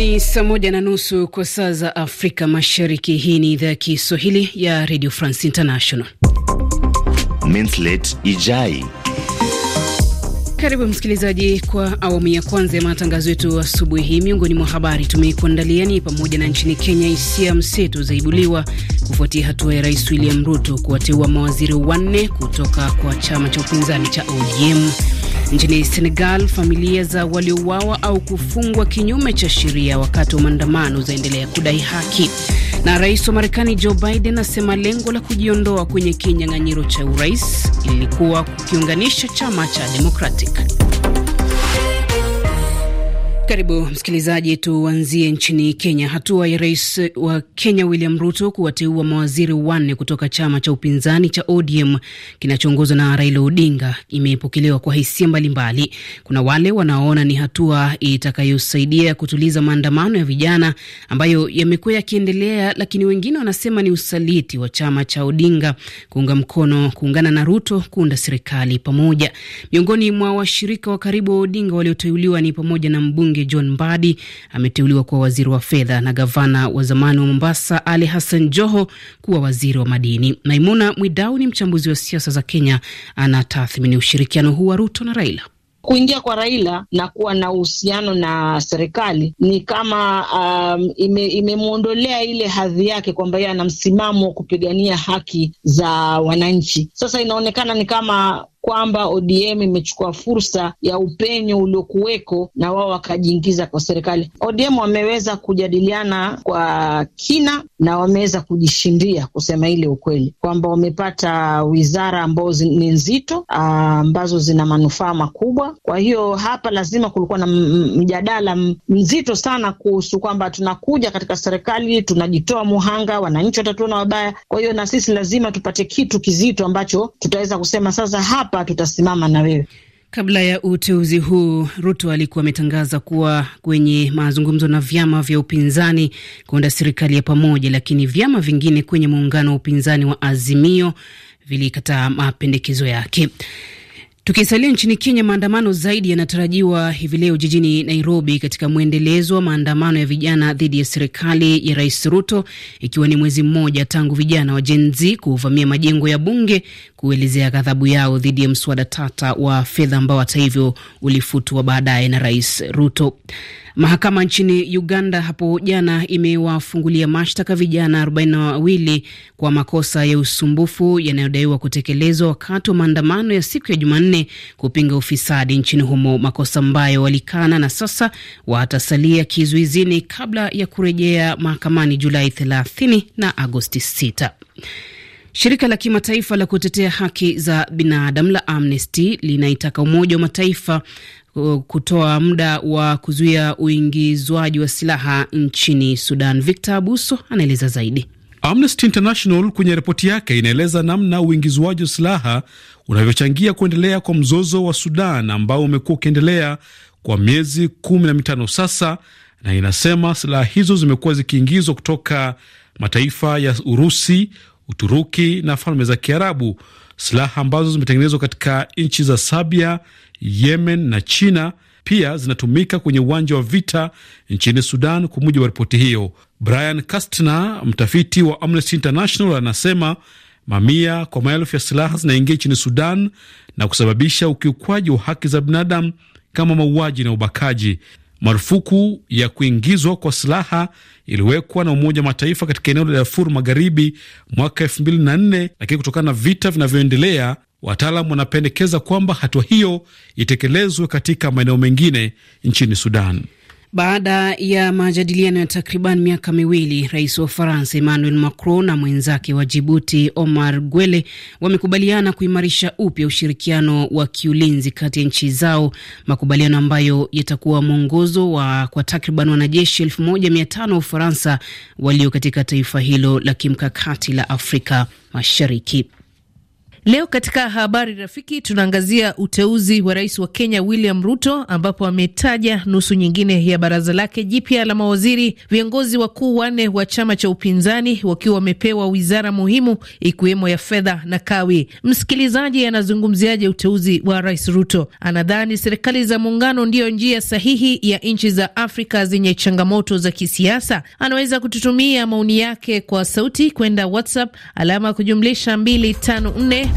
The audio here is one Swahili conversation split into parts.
Ni saa moja na nusu kwa saa za Afrika Mashariki. Hii ni idhaa ya Kiswahili ya Radio France International. Mintlet Ijai. Karibu msikilizaji, kwa awamu ya kwanza ya matangazo yetu asubuhi hii. Miongoni mwa habari tumekuandalia ni pamoja na nchini Kenya, hisia mseto zaibuliwa kufuatia hatua ya Rais William Ruto kuwateua mawaziri wanne kutoka kwa chama cha upinzani cha ODM. Nchini Senegal, familia za waliouawa au kufungwa kinyume cha sheria wakati wa maandamano zaendelea kudai haki. Na rais wa Marekani Joe Biden asema lengo la kujiondoa kwenye kinyang'anyiro cha urais ilikuwa kukiunganisha chama cha Democratic. Karibu msikilizaji, tuanzie nchini Kenya. Hatua ya rais wa Kenya William Ruto kuwateua mawaziri wanne kutoka chama cha upinzani cha ODM kinachoongozwa na Raila Odinga imepokelewa kwa hisia mbalimbali. Kuna wale wanaoona ni hatua itakayosaidia kutuliza maandamano ya vijana ambayo yamekuwa yakiendelea, lakini wengine wanasema ni usaliti wa chama cha Odinga kuunga mkono kuungana na Ruto kuunda serikali pamoja. Miongoni mwa washirika wa karibu wa Odinga walioteuliwa ni pamoja na mbunge mbunge John Mbadi ameteuliwa kuwa waziri wa fedha na gavana wa zamani wa Mombasa Ali Hassan Joho kuwa waziri wa madini. Maimuna Mwidau ni mchambuzi wa siasa za Kenya, anatathmini ushirikiano huu wa Ruto na Raila. Kuingia kwa Raila na kuwa na uhusiano na serikali ni kama um, imemwondolea ime ile hadhi yake kwamba yeye ana msimamo wa kupigania haki za wananchi. Sasa inaonekana ni kama kwamba ODM imechukua fursa ya upenyo uliokuweko na wao wakajiingiza kwa serikali. ODM wameweza kujadiliana kwa kina na wameweza kujishindia, kusema ile ukweli kwamba wamepata wizara ambazo ni nzito ah, ambazo zina manufaa makubwa. Kwa hiyo hapa lazima kulikuwa na mjadala mzito sana kuhusu kwamba tunakuja katika serikali, tunajitoa muhanga, wananchi watatuona wabaya. Kwa hiyo na sisi lazima tupate kitu kizito ambacho tutaweza kusema sasa hapa tutasimama na wewe. Kabla ya uteuzi huu, Ruto alikuwa ametangaza kuwa kwenye mazungumzo na vyama vya upinzani kuunda serikali ya pamoja, lakini vyama vingine kwenye muungano wa upinzani wa Azimio vilikataa mapendekezo yake. Tukisalia nchini Kenya, maandamano zaidi yanatarajiwa hivi leo jijini Nairobi, katika mwendelezo wa maandamano ya vijana dhidi ya serikali ya Rais Ruto, ikiwa ni mwezi mmoja tangu vijana wa Gen Z kuvamia majengo ya bunge kuelezea ghadhabu yao dhidi ya mswada tata wa fedha ambao hata hivyo ulifutwa baadaye na Rais Ruto. Mahakama nchini Uganda hapo jana imewafungulia mashtaka vijana 42 kwa makosa ya usumbufu yanayodaiwa kutekelezwa wakati wa maandamano ya siku ya Jumanne kupinga ufisadi nchini humo, makosa ambayo walikana na sasa watasalia kizuizini kabla ya kurejea mahakamani Julai 30 na Agosti 6. Shirika la kimataifa la kutetea haki za binadamu la Amnesty linaitaka Umoja wa Mataifa uh, kutoa muda wa kuzuia uingizwaji wa silaha nchini Sudan. Victor Abuso anaeleza zaidi. Amnesty International kwenye ripoti yake inaeleza namna uingizwaji wa silaha unavyochangia kuendelea kwa mzozo wa Sudan ambao umekuwa ukiendelea kwa miezi kumi na mitano sasa, na inasema silaha hizo zimekuwa zikiingizwa kutoka mataifa ya Urusi, Uturuki na Falme za Kiarabu, silaha ambazo zimetengenezwa katika nchi za Sabia, Yemen na China pia zinatumika kwenye uwanja wa vita nchini Sudan, kwa mujibu wa ripoti hiyo. Brian Kastner, mtafiti wa Amnesty International, anasema mamia kwa maelfu ya silaha zinaingia nchini Sudan na kusababisha ukiukwaji wa haki za binadamu kama mauaji na ubakaji. Marufuku ya kuingizwa kwa silaha iliwekwa na Umoja wa Mataifa katika eneo la Darfur Magharibi mwaka nne, lakini kutokana na vita vinavyoendelea, wataalam wanapendekeza kwamba hatua hiyo itekelezwe katika maeneo mengine nchini Sudan. Baada ya majadiliano ya takriban miaka miwili, rais wa Ufaransa Emmanuel Macron na mwenzake wa Jibuti Omar Gwele wamekubaliana kuimarisha upya ushirikiano wa kiulinzi kati ya nchi zao, makubaliano ambayo yatakuwa mwongozo wa kwa takriban wanajeshi elfu moja mia tano wa Ufaransa walio katika taifa hilo la kimkakati la Afrika Mashariki. Leo katika habari rafiki tunaangazia uteuzi wa rais wa Kenya William Ruto, ambapo ametaja nusu nyingine ya baraza lake jipya la mawaziri, viongozi wakuu wanne wa chama cha upinzani wakiwa wamepewa wizara muhimu ikiwemo ya fedha na kawi. Msikilizaji anazungumziaje uteuzi wa rais Ruto? Anadhani serikali za muungano ndiyo njia sahihi ya nchi za Afrika zenye changamoto za kisiasa? Anaweza kututumia maoni yake kwa sauti kwenda WhatsApp alama kujumlisha 254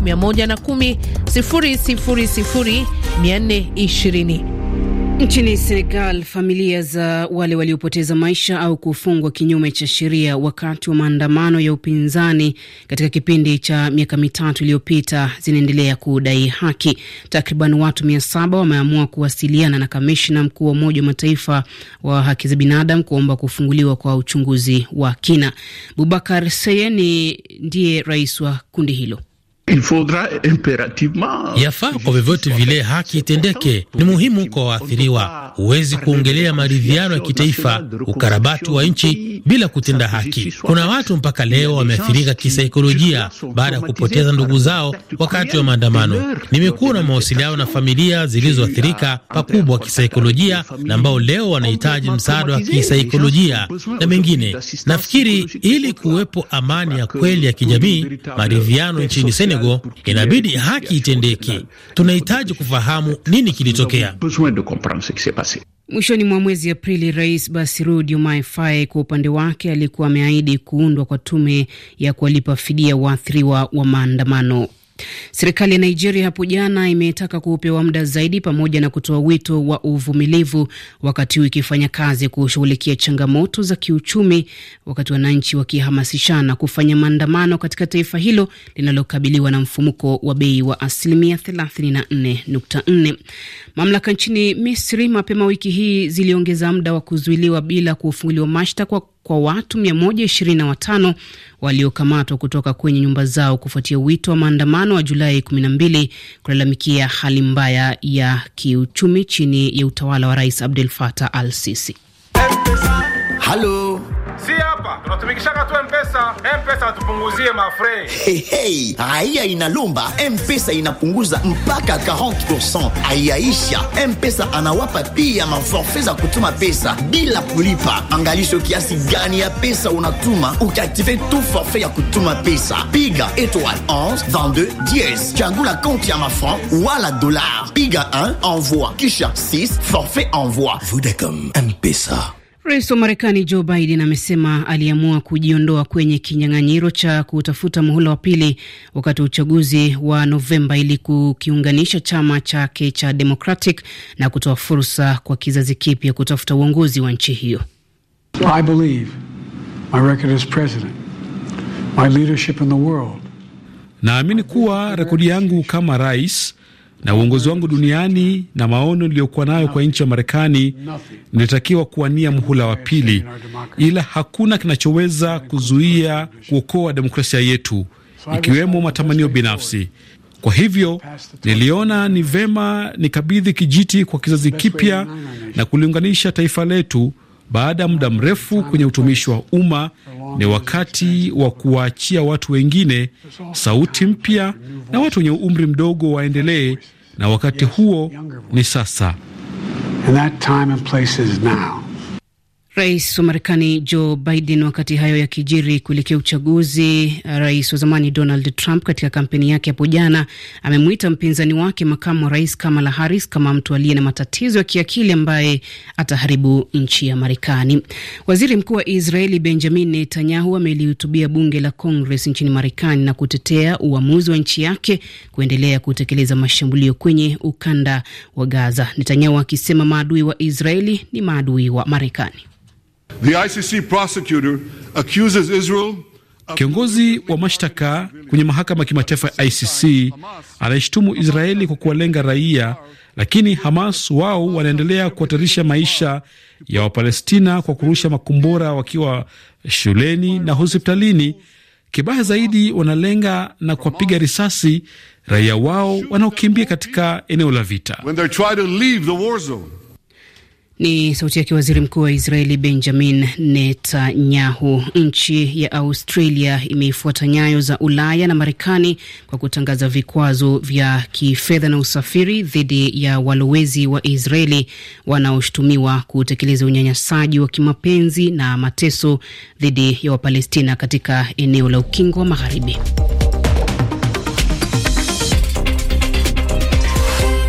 Nchini Senegal, familia za wale waliopoteza maisha au kufungwa kinyume cha sheria wakati wa maandamano ya upinzani katika kipindi cha miaka mitatu iliyopita zinaendelea kudai haki. Takriban watu mia saba wameamua kuwasiliana na kamishna mkuu wa Umoja wa Mataifa wa haki za binadamu kuomba kufunguliwa kwa uchunguzi wa kina. Bubakar Seye ndiye rais wa kundi hilo. Yafaa kwa vyovyote vile haki itendeke, ni muhimu kwa waathiriwa. Huwezi kuongelea maridhiano ya kitaifa, ukarabati wa nchi bila kutenda haki. Kuna watu mpaka leo wameathirika kisaikolojia baada ya kupoteza ndugu zao wakati wa maandamano. Nimekuwa na mawasiliano na familia zilizoathirika pakubwa kisaikolojia, na ambao leo wanahitaji msaada wa kisaikolojia na mengine. Nafikiri ili kuwepo amani ya kweli ya kijamii, maridhiano nchini Senegal, inabidi haki itendeke. Tunahitaji kufahamu nini kilitokea. Mwishoni mwa mwezi Aprili, Rais Bassirou Diomaye Faye kwa upande wake alikuwa ameahidi kuundwa kwa tume ya kuwalipa fidia waathiriwa wa maandamano. Serikali ya Nigeria hapo jana imetaka kupewa muda zaidi pamoja na kutoa wito wa uvumilivu, wakati huu ikifanya kazi kushughulikia changamoto za kiuchumi, wakati wananchi wakihamasishana kufanya maandamano katika taifa hilo linalokabiliwa na mfumuko wa bei wa asilimia 34.4. Mamlaka nchini Misri mapema wiki hii ziliongeza muda wa kuzuiliwa bila kufunguliwa mashtaka kwa watu 125 waliokamatwa kutoka kwenye nyumba zao kufuatia wito wa maandamano wa Julai 12 kulalamikia hali mbaya ya kiuchumi chini ya utawala wa Rais Abdel Fattah al-Sisi. Halo. tunatumikishaka tu mpesa mpesa atupunguzie mafre hey, hey. Aya inalomba mpesa inapunguza mpaka 40% aiyaisha mpesa anawapa pia maforfe za kutuma pesa bila kulipa. Angalisho kiasi gani ya pesa unatuma ukiaktive tu forfe ya kutuma pesa. Piga étoile 11 22 10 changula konti ya mafran wala dolar, piga 1 envoi kisha 6 forfait envoi. Vodacom mpesa Rais wa Marekani Joe Biden amesema aliamua kujiondoa kwenye kinyang'anyiro cha kutafuta muhula wa pili wakati wa uchaguzi wa Novemba ili kukiunganisha chama chake cha Democratic na kutoa fursa kwa kizazi kipya kutafuta uongozi wa nchi hiyo. I believe my record as president, my leadership in the world. Naamini kuwa rekodi yangu kama rais na uongozi wangu duniani na maono niliyokuwa nayo kwa nchi ya Marekani, nilitakiwa kuwania mhula wa pili, ila hakuna kinachoweza kuzuia kuokoa demokrasia yetu, ikiwemo matamanio binafsi. Kwa hivyo niliona ni vema nikabidhi kijiti kwa kizazi kipya na kuliunganisha taifa letu baada ya muda mrefu kwenye utumishi wa umma, ni wakati wa kuwaachia watu wengine sauti mpya na watu wenye umri mdogo waendelee, na wakati huo ni sasa. And that time and place is now. Rais wa Marekani Joe Biden, wakati hayo yakijiri kuelekea uchaguzi, uh, rais wa zamani Donald Trump katika kampeni yake hapo jana amemwita mpinzani wake makamu wa rais Kamala Harris kama mtu aliye na matatizo ya kiakili ambaye ataharibu nchi ya Marekani. Waziri mkuu wa Israeli Benjamin Netanyahu amelihutubia bunge la Congress nchini Marekani na kutetea uamuzi wa nchi yake kuendelea kutekeleza mashambulio kwenye ukanda wa Gaza, Netanyahu akisema maadui wa Israeli ni maadui wa Marekani. The ICC prosecutor accuses Israel. Kiongozi wa mashtaka kwenye mahakama ya kimataifa ya ICC anaishtumu Israeli kwa kuwalenga raia, lakini Hamas wao wanaendelea kuhatarisha maisha ya Wapalestina kwa kurusha makombora wakiwa shuleni na hospitalini. Kibaya zaidi, wanalenga na kuwapiga risasi raia wao wanaokimbia katika eneo la vita. Ni sauti yake waziri mkuu wa Israeli Benjamin Netanyahu. Nchi ya Australia imeifuata nyayo za Ulaya na Marekani kwa kutangaza vikwazo vya kifedha na usafiri dhidi ya walowezi wa Israeli wanaoshutumiwa kutekeleza unyanyasaji wa kimapenzi na mateso dhidi ya Wapalestina katika eneo la Ukingo wa Magharibi.